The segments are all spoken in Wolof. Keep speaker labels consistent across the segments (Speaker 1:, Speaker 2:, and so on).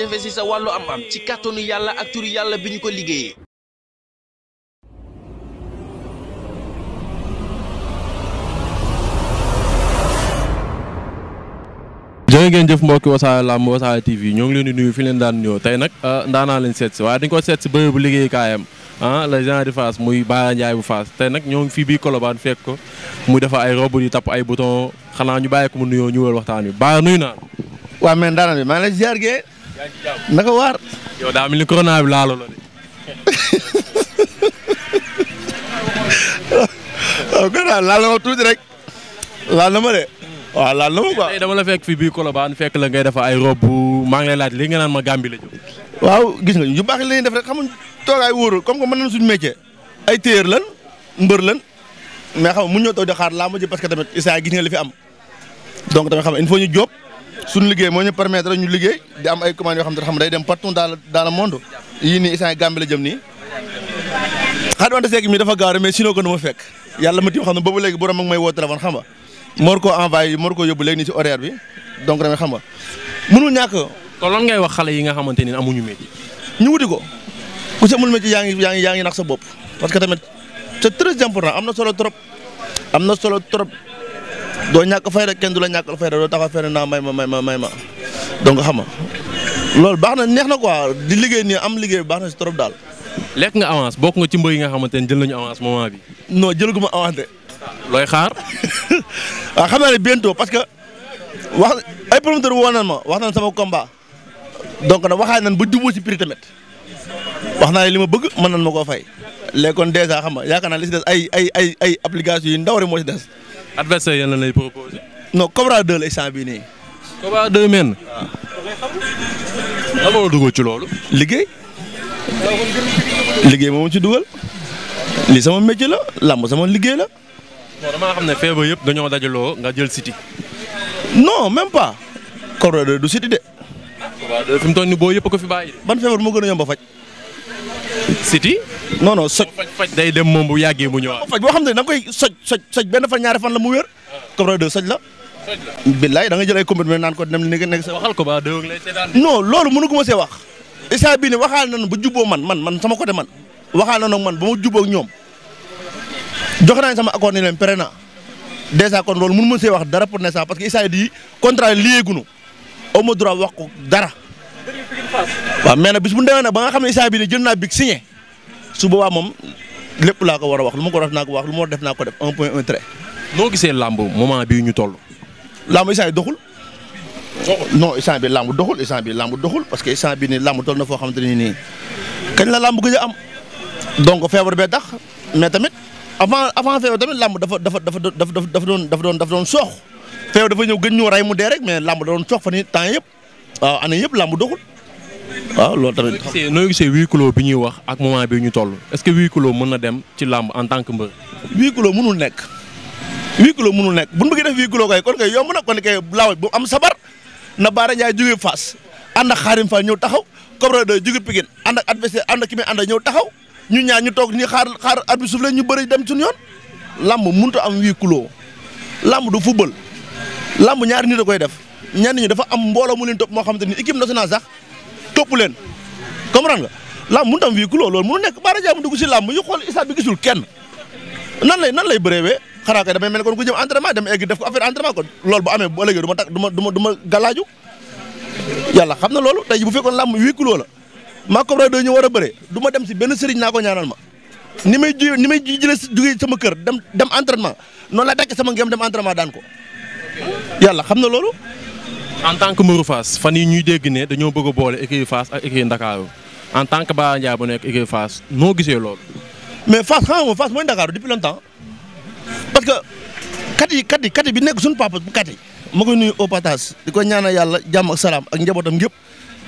Speaker 1: jafe-jafe si sa am-am ci kàttanu yàlla ak turu yàlla bi ñu ko liggéeyee.
Speaker 2: jërë ngeen jëf mbokki wasaare làmb wasaare TV ñoo ngi leen di nuyu fi leen daan nuyoo tey nag ah, ndaanaa leen seet si waaye dañ ko seet si bërëb bu liggéeykaayam ah le genre de fas muy Baara Ndiaye bu Fass tey nag ñoo ngi fii bii Colobane fekk ko mu defa ay rob di tapp ay bouton xanaa ñu bàyyi mu nuyoo ñëwal waxtaan wi Baara nuyu naa. waaw mais ndaanaan bi maa ngi lay ziar naka waar. yow daa mel ni corona bi laaloo la de. waaw gannaaw ma tuuti de. ma la fekk fii biir Colobane fekk la ngay defa ay rob maa ngi lay laaj li nga naan ma Gàmbi la jóg. waaw gis nga ñu baax la ñuy def rek xamuñ toogaay wóorul comme que mën nañ suñu métier.
Speaker 3: ay téer lan mbër lan mais xam nga mu ñoo toog di xaar laa ma parce que tamit Issa gis nga li am donc tamit xam nga il faut suñu liggéey moo ñu permettre ñu liggéey di am ay commandes yoo xam ne xam day dem partout dans le monde yii nii isaan Gambie la jëm nii. xaar wante seeg mi dafa gaaw mais sinon ko nu fekk yàlla ma tiim xam ne boobu léegi borom ak may woo téléphone xam nga moor koo envoyé yóbbu léegi nii si horaire bi donc rek xam nga mënul ñàkk. kon lan ngay wax xale yi nga xamante ne amuñu métier. ñu wuti ko ku si amul métier yaa ngi yaa ngi yaa ngi nax sa bopp parce que tamit c'est très important am na solo trop am na solo trop doo ñàkk fay rek kenn du la ñàkkal fay rek doo taxaw fenn naa may ma may ma may xam nga loolu baax na neex na quoi di liggéey nii am liggéey baax na si trop daal.
Speaker 2: lekk nga avance bokk nga ci mbër yi nga xamante ne jël nañu avance moment bi. non
Speaker 3: jël gu ma avance.
Speaker 2: looy xaar. waaw ah, xam naa ne
Speaker 3: bientôt parce que wax ay promoteur woo nan ma wax nan sama combat donc nag waxaay nan bu jubóo si prix tamit wax naa ne li ma bëgg mën nan ma koo fay léegi kon dèjà xam nga yaakaar naa li si des ay ay ay ay application yu ndaw rek moo si
Speaker 2: adversaire yéen lañ lay proposé.
Speaker 3: non Cobra 2 la instant bii nii. Cobra 2 men. dugal ci loolu. liggéey. liggéey moom ci dugal. lii sama métier la làmb sama liggéey la.
Speaker 2: non xam ne feebar yëpp dañoo dajaloo nga jël siti.
Speaker 3: non même pas. Cobra 2 du siti de. fi mu toll nii boo yëpp ko fi bàyyi. ban feebar moo gën a yomb a faj. siti. non non soj
Speaker 2: faj day dem moom bu yàggee mu ñëwaat.
Speaker 3: faj boo xam ne da koy soj soj soj benn fan ñaare fan la mu wér. Ah. Cobra 2 soj la. soj la billaay da jël ay comprimé naan ko dem nekk nekk sa. waxal ko ba
Speaker 2: dëgg lay seetaan.
Speaker 3: non loolu mënu ko ma see wax. isa bii ne waxaal nañu ba jubboo man man man sama côté man waxaal na ak man ba ma jubboo ak ñoom joxe naa sama accord ni leen pare naa dèjà kon loolu mënu ma see wax dara pour ne sax parce que isa di contrat lié gunu aw ma droit wax ko dara. waaw mais nag bis mu ñu demee ba nga xam ne isa bii ne jël naa su boobaa moom lépp laa ko war a wax lu ma ko war a def naa ko wax lu ma def naa ko def un point un trait. noo gisee làmb moment bii ñu toll. làmb instant yi doxul. non instant bi lamb doxul instant bi làmb doxul parce que instant bi nii làmb toll na foo xamante ne nii kañ la làmb gëj a am. donc feebar bee tax mais tamit avant avant feebar tamit dafa dafa dafa dafa dafa doon dafa doon dafa doon soox. feebar dafa ñëw gën ñoo rey mu dee rek mais làmb da doon soox fan yii temps yëpp waaw année yëpp lamb doxul.
Speaker 2: waaw loolu tamit. noo gisee noo bi ñuy wax ak moment bi ñu toll est-ce que huis clos mën na dem ci làmb en tant que mbër. huis clos mënul nekk. huis clos nekk bu ñu bëggee def huis clos kay
Speaker 3: kon kay yomb na kon kay laaw bu am sabar na Baara Ndiaye jógee fas ànd ak Xaarim Fall ñëw taxaw Cobra doy jógee Pikine ànd ak adversaire ànd ak ki muy ànd ñëw taxaw ñu ñaar ñu toog ñu xaar xaar at bi suuf leen ñu bëri dem suñu yoon. làmb mënut a am huis clos làmb du football làmb ñaari nit a koy def ñenn ñi dafa am mbooloo mu leen topp moo xamante ni équipe nationale sax topp leen comprendre nga làmb mënut am véhicule loolu mënu nekk Bara Ndiaye mu dugg si làmb yu xool stade bi gisul kenn nan lay nan lay bëreewee xanaa kay damay mel kon ku jëm entraînement dem egg def ko affaire entraînement kon loolu bu amee bu ëllëgee du ma tak galaaju yàlla xam na loolu tey ji bu fekkoon làmb véhicule la maa Cobra doo ñu war a bëree du ma dem si benn sëriñ naa ko ñaanal ma ni may ju ni may jëlee jugee sama kër dem dem entraînement noonu laa takk sama ngeem dem entraînement daan ko
Speaker 2: yàlla xam na loolu en tant que mbëru Fass fan yi ñuy dégg ne dañoo bëgg a boole équipe Fass ak équipe Ndakaaru en tant que Bara Ndiaye bu nekk équipe noo gisee loolu. mais Fass xam nga Fass mooy Ndakaaru depuis longtemps parce que kat yi kat bi nekk suñu papa
Speaker 3: bu kat yi. ma koy nuyu au di ko ñaanal yàlla jàmm ak salaam ak njabootam yëpp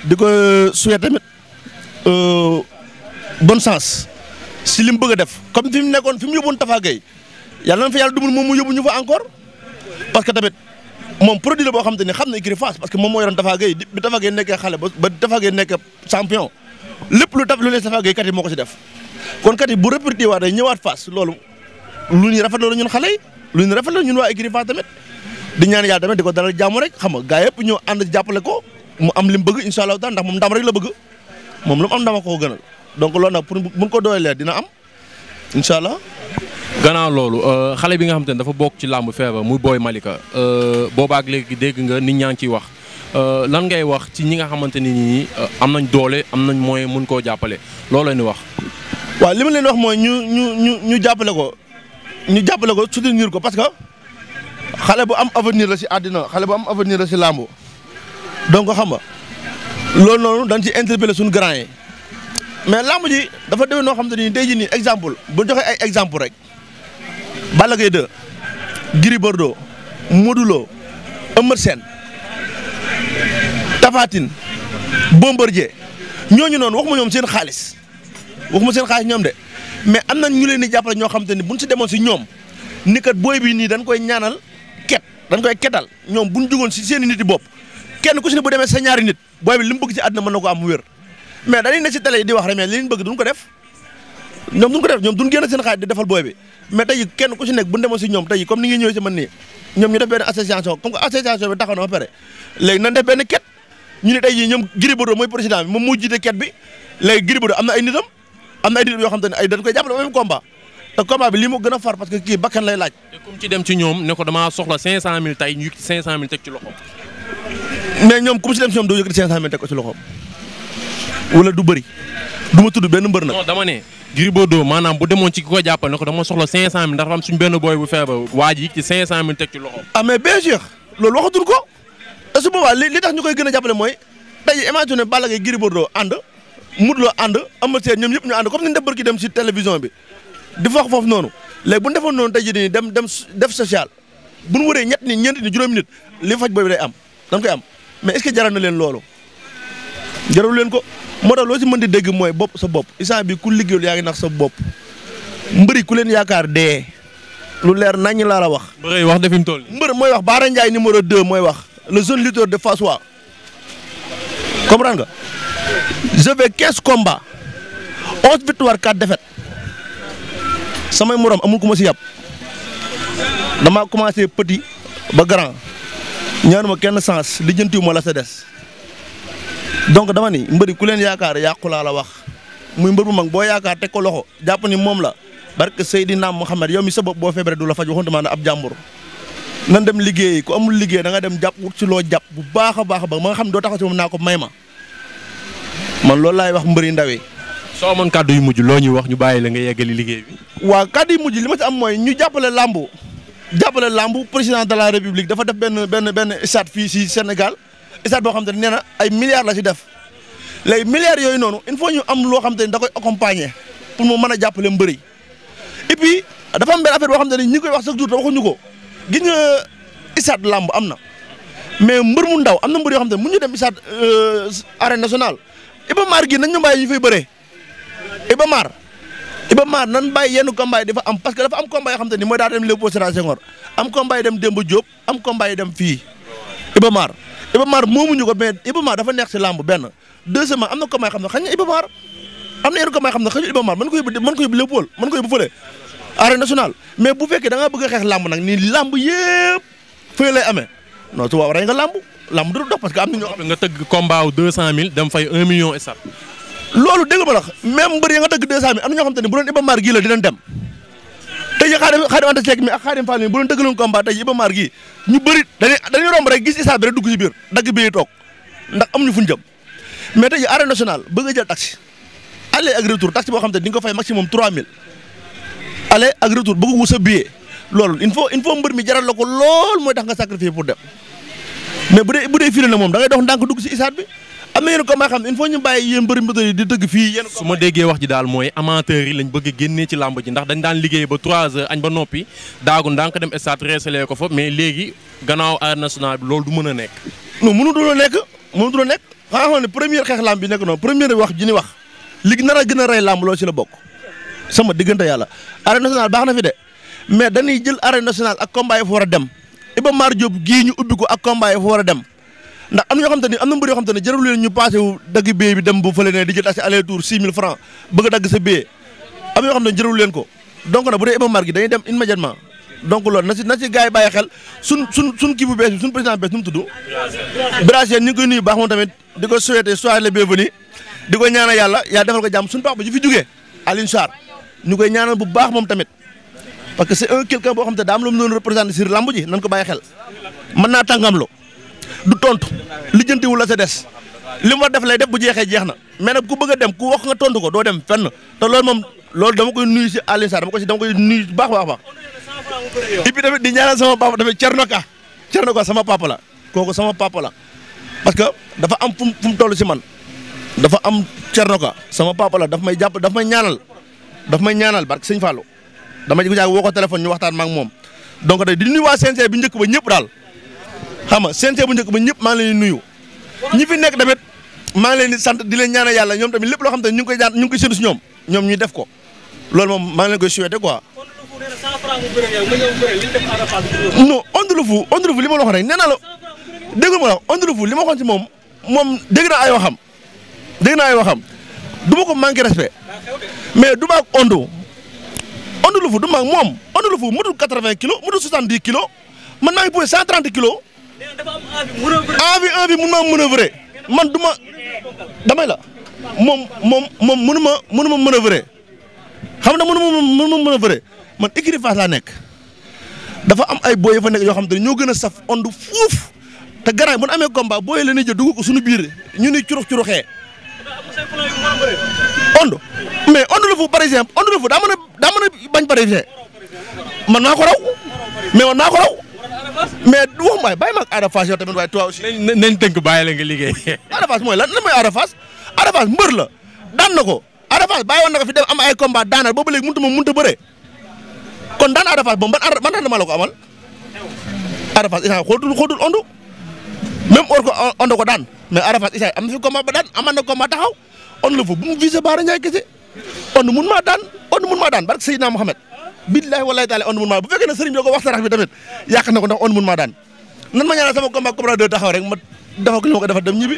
Speaker 3: di ko suye tamit euh, bonne chance si li mu bëgg def comme fi mu nekkoon fi mu yóbbuwoon yàlla na yàlla dumul moom mu ñu fa encore parce que tamit. moom produit la boo xamante ni xam na écurie Fass parce que moom moo yoroon Tafa Gueye bi Tafa Gueye nekkee xale ba ba Tafa Gueye champion lépp lu taf lu lees kat yi moo ko si def kon kat bu bu réperti waa day ñëwaat Fass loolu lu ñu rafetlu la ñun xale yi lu ñu rafetlu ñun waa écurie Fass tamit di ñaan yàlla tamit di ko dalal jàmm rek xam nga gaa yëpp ñoo ànd jàppale ko mu am li mu bëgg incha allah ndax moom ndam
Speaker 2: rek la bëgg moom lu mu am ndama ko gënal donc loolu nag pour bu ko dooleel dina am incha allah gannaaw loolu euh, xale bi nga xam te ne dafa bokk ci làmb feebar muy Boy Malika euh, boobaak léegi dégg nga nit ñaa ngi ciy wax euh, lan ngay wax ci ñi nga xamante ni nii am nañ doole am nañ mooy mun koo jàppale loolu la ñuy wax. waaw
Speaker 3: li ma leen wax mooy ñu ñu ñu ñu jàppale ko ñu jàppale ko soutenir ko parce que xale bu am avenir la si àddina xale bu am avenir la si làmb donc xam nga loolu noonu dañ ci interpeller suñu grand mais làmb ji dafa demee noo xam te ni tey jii nii exemple bu joxe ay exemple rek. Balla Gaye 2 Gris Bordeaux Modou Lo Eumeu Sène Tapha Tine Bombardier ñooñu noonu waxuma ñoom seen xaalis waxuma seen xaalis ñoom de mais am na ñu leen di jàppale ñoo xam te ni buñ si demoon si ñoom ni kat booy bii nii dañ koy ñaanal ket dañ koy ketal ñoom buñ jugoon si seen i nit yi bopp kenn ku si ne bu demee sa ñaari nit booy bi li mu bëgg si àddina mën na ko am wér mais dañuy ne si télé di wax rek mais li ñu bëgg duñ ko def ñoom duñ ko def ñoom duñ génn seen xaalis di defal booy bi mais tey kenn ku si nekk bu demoon si ñoom tey comme ni ngi si man nii ñoom ñu def benn association comme que association bi taxaw na ba pare léegi def benn ket ñu ne tey jii ñoom Gris Bordeaux mooy président moom moo jiite ket bi léegi Gris am na ay nitam am na ay nitam yoo xam te ne ay dañ koy jàppale même combat
Speaker 2: te combat lii moo gën a far parce que kii bakkan lay laaj. te comme ci dem ci ñoom ne ko damaa soxla 500000 ñu 500000 ci loxo.
Speaker 3: mais ñoom ku ci loxo
Speaker 2: wala du bëri du ma tudd benn mbër nag. dama ne. Gris maanaam bu demoon ci ki ko jàppal ne ko dama soxla 500000 ndax am suñ benn boy bu feebar waa ji ci 500000 teg ci loxo. ah mais bien
Speaker 3: sûr loolu waxatul ko te su boobaa li tax ñu koy gën a jàppale mooy tey imagine Balla Gaye Gris Bordeaux ànd Modou Lo ànd Ama Sène ñoom yëpp ñu ànd comme ni ñu def dem si télévision bi di wax foofu noonu léegi bu ñu defoon noonu tey jii dañuy dem dem def social bu ñu wëree ñett ni ñeent ni juróomi nit li faj boobu day am dañ koy am mais est na leen loolu jaralu leen ko moo tax loo si mën di dégg mooy bopp sa bopp instant bi ku liggéeyul yaa ngi nax sa bopp mbëri ku leen yaakaar dee lu leer nañ laa la wax. mbër wax dafim tool mbëri mooy wax Baara Ndiaye numéro 2 mooy wax le jeune lutteur de Fass wa comprendre nga je vais 15 combats 11 victoires 4 défaites samay morom amul ku si yàpp dama commencé petit ba grand ñaanuma kenn sens lijjantiwuma la sa des. donc dama ni mbëri ku leen yaakaar yàqu laa la wax muy mbër bu mag boo yaakaar te ko loxo jàpp ni moom la barke Seydina Muhammad yow mi sa bopp boo feebaree du la faj waxutuma ne ab jàmbur. nan dem liggéey ku amul liggéey da nga dem jàpp wut ci loo jàpp bu baax a baax ba nga xam ne doo taxaw ci moom naa ko may ma
Speaker 2: man loolu laay wax mbëri ndaw yi. soo amoon kàddu yu mujj loo ñuy wax ñu bàyyi la nga yeggali liggéey bi.
Speaker 3: waa kàddu yu mujj li ma ci am mooy ñu jàppale làmbu président la république dafa def benn benn benn stade fii ci Sénégal stade boo xam te ne na ay milliards la ci def léegi milliards yooyu noonu il faut ñu am loo xam te ne da koy accompagner pour mu mën a jàppale mbër yi dafa am benn affaire boo xam te ne ñi ngi koy wax chaque jour te waxuñu ko gis nga euh, am na mais mbër mu ndaw am na mbër yoo xam ne mu ñu dem stade euh, arène nationale Iba Mar gi nañ ñu ñu fay bëree Iba Mar Iba Mar nan bàyyi yenn combat yi am parce que dafa am combat xam te ni mooy daa dem Léopold Sédar Senghor am combat yi dem Demba Diop am combat dem fii Iba Mar Iba Mar moomuñu ko mais Iba Mar dafa neex si làmb benn deuxièmement am na ko may xam ne xañ na Iba Mar am na yenn ko may xam ne xañu Iba Mar mën ko yóbbu mën ko yóbbu lépp wël mën ko yóbbu fële arène mais bu fekkee da ngaa a xeex làmb nag ni làmb yëpp fële lay
Speaker 2: amee non su waaw nga làmb làmb du dox parce que am na ñoo nga tëgg combat deux cent mille dem fay un million et
Speaker 3: loolu dégg ma la même mbër ya nga tëgg deux cent mille am na ñoo xaadim xaadim Anta Seck mi ak xaadim Fall mi bu doon dëggaloon combat tey Iba Mar gi ñu bëri dañuy boo xam te di nga ko fay maximum 3000 aller ak retour bëgg wu sa billet loolu il faut il faut mbër mi jaral la ko lool mooy tax nga sacrifier pour dem mais bu dee bu dee fii la moom da dox ndànk dugg ci Issa bi am na yenn combat xam ne il
Speaker 2: bàyyi yéen mbëri mbëri yi di tëgg fii su ma déggee wax ji daal mooy amateurs yi lañ bëgg a génnee ci làmb ji ndax dañ daan liggéey ba 3 heures añ ba noppi daagu ndànk dem stade reesale ko fa mais léegi gannaaw arène nationale bi loolu du mën a nekk
Speaker 3: non mënu dula nekk mënu dula nekk xanaa xam ne premier xeex làmb bi nekk noonu première wax ji ni wax li nar a gën a rey làmb loolu ci la bokk sama diggante yàlla arène nationale baax na fi de mais dañuy jël arène nationale ak combat yi fa war a dem Iba Mar Diop gii ñu ubbi ko ak combat yi a dem ndax am na xam xamante ni am na mbër yoo te ne jarul leen ñu passé dagg billet bi dem bu fële ne di jël leen ko donc nag bu dee Iba Mar gi dem immédiatement donc loolu na si na si gars yi xel suñ suñ suñ kii bu bees bi suñ président bees nu mu tudd. Birasien ñu ngi koy nuyu baax moom tamit di ko souhaiter soirée le bienvenu di ko ñaanal yàlla yàlla defal ko jàmm suñu papa ji fi jugee Alioune Sarr ñu koy ñaanal bu baax moom tamit parce que un boo xam te daa am lu mu doon représenter sur lamb ji nañ ko du tontu lijjantiwul la sa des li mu war def lay def bu jeexee jeex na mais nag ku bëgg a dem ku wax nga tontu ko doo dem fenn te loolu moom loolu dama koy nuyu si Alioune Sarr dama ko si koy nuyu baax baax baax. et puis tamit di ñaanal sama papa tamit Thierno Ka Thierno Ka sama papa la kooku sama papa la parce que dafa am fu mu toll si man dafa am Thierno Ka sama daf may jàpp daf may ñaanal daf may ñaanal barke sëñ Fallou dama ji ko jaag woo ko téléphone ñu waxtaan ma ak moom donc di nuyu waa CNG bi njëkk ba ñëpp daal. xam nga CNG bu njëkk ba ñëpp maa ngi leen nuyu ñi fi nekk tamit maa ngi leen sant di leen ñaanal yàlla ñoom tamit lépp loo xam te ñu ngi koy jaan ñu ñoom ñoom ñuy def ko loolu moom maa ngi koy souhaité quoi. non Onde le Fou Onde le Fou li ma la wax rek nee naa la dégg ma la Onde le li ma waxoon ci moom moom dégg naa ay xam dégg naa ay xam du ma ko manqué respect mais du ma ak Onde Onde le Fou du ma moom Onde le Fou mu dul 80 kilos mu dul 70 kilos man maa ngi posé 130 kilos.
Speaker 1: envie envie mun maa manœuvrer
Speaker 3: man du ma damay la moom moom moom mënu ma mënu ma manœuvrer xam na mënu ma mënu ma manœuvrer man écurie Fass laa nekk dafa am ay booy yu fa nekk yoo xam te ne ñoo gën a saf ondu fuuf te garaay bu ñu amee combat booy la ñuy jël dugg ko suñu biir ñu ni curux curuxee ond mais ond la fu par exemple ond la fu daa mën a daa mën bañ parisien man naa ko raw mais naa ko mais wax may bàyyi ma ak Ada Fass yow tamit waaye toi aussi. nañ nañ tënk bàyyi liggéey. Ada mooy lan lan mooy Ada Fass Ada la daan na ko Ada Fass bàyyi fi dem am ay daan Ada Fass boobu ban amal Ada Fass isa xóotul ondu même or ko daan mais Ada Fass isa fi combat ba daan amal na combat taxaw ond la fa Baara Ndiaye kese ond mun maa daan ond mun maa daan barke Seydina Mohamed billaahi wallaahi taala on mun maa bu fekkee ne sëriñ bi da ko wax sarax bi tamit yàq na ko ndax on mun maa daan nan ma ñaanal sama combat Cobra 2 taxaw rek ma dafa ko li ma ko dafa dem ñibbi.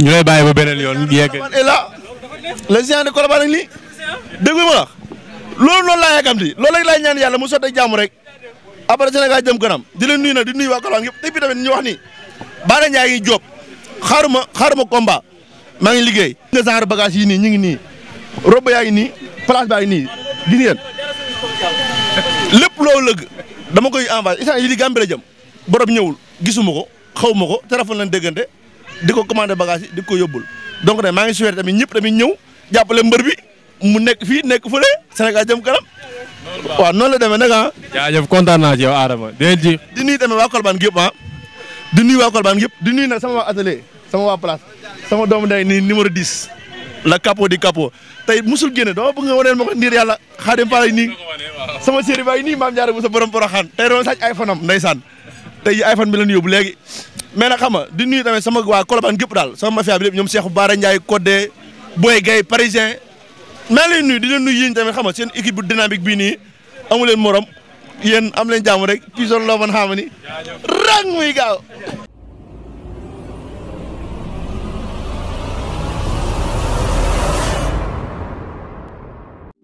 Speaker 2: ñu lay bàyyi ba beneen yoon yegg.
Speaker 3: le géant de Colobane ak lii dégg ma wax loolu noonu laa yàkkamti loolu rek laay ñaan yàlla mu sottee jàmm rek après Sénégal jëm kanam di leen nuyu nag di nuyu waa Colobane yëpp depuis tamit ñu wax ni Balla Ndiaye ngi jóob xaaruma xaaruma combat maa ngi liggéey. nga genre bagage yi nii ñu ngi nii robe yaa ngi nii place baa ngi nii gis ngeen lépp loolu lëgg dama koy envoyé instant yi di Gambie jam jëm borom ñëwul gisuma ko xawuma ko téléphone lañ déggante di ko commandé bagage di ko yóbbul donc de maa ngi suwee tamit ñëpp tamit ñëw jàppale mbër bi mu nekk fii nekk fële Sénégal jëm kanam. waa noonu la demee nag ah.
Speaker 2: jaajëf kontaan naa ci Adama déedéet ji.
Speaker 3: di nuyu tamit waa Kolban gi yëpp ah di nuyu waa Kolban gi yëpp di nuy nag sama waa atelier sama waa place sama doom day nii numéro diis la capo di capo tey musul génne dama bëgg nga waneen ma ko ndiir yàlla xaadim falay nii sama séeri baay nii maam jaara bu sa borom poroxaan tey doon sàcc iPhone am ndeysaan tey iPhone bi la yóbbu léegi mais nag xam nga di nuyu tamit sama waa Colobane gépp daal sama mafia bi lépp ñoom Cheikh Bara Ndiaye Codé Boy Guèye parisien mais leen nuyu di leen nuyu yéen tamit xam nga seen équipe bu bii nii amu morom yéen am leen jàmm rek pisoon loo man xaama ni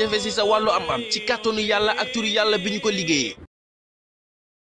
Speaker 1: jafe-jafe sa wàllu am am ci kàttanu yàlla ak turu yàlla bi ñu ko liggéeyee